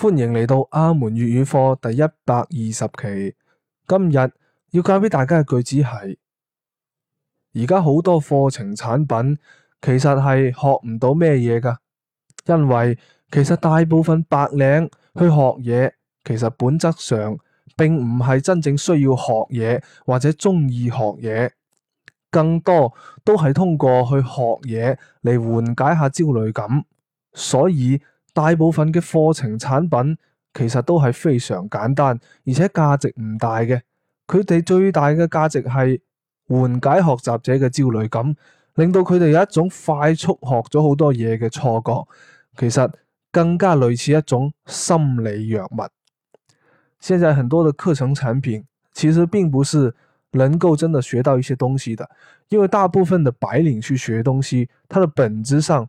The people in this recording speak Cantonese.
歡迎嚟到阿門粵語課第一百二十期。今日要教俾大家嘅句子係：而家好多課程產品其實係學唔到咩嘢噶，因為其實大部分白領去學嘢，其實本質上並唔係真正需要學嘢或者中意學嘢，更多都係通過去學嘢嚟緩解下焦慮感，所以。大部分嘅課程產品其實都係非常簡單，而且價值唔大嘅。佢哋最大嘅價值係緩解學習者嘅焦慮感，令到佢哋有一種快速學咗好多嘢嘅錯覺。其實更加類似一種心理藥物。現在很多的課程產品其實並不是能夠真的學到一些東西的，因為大部分的白領去學東西，它的本質上。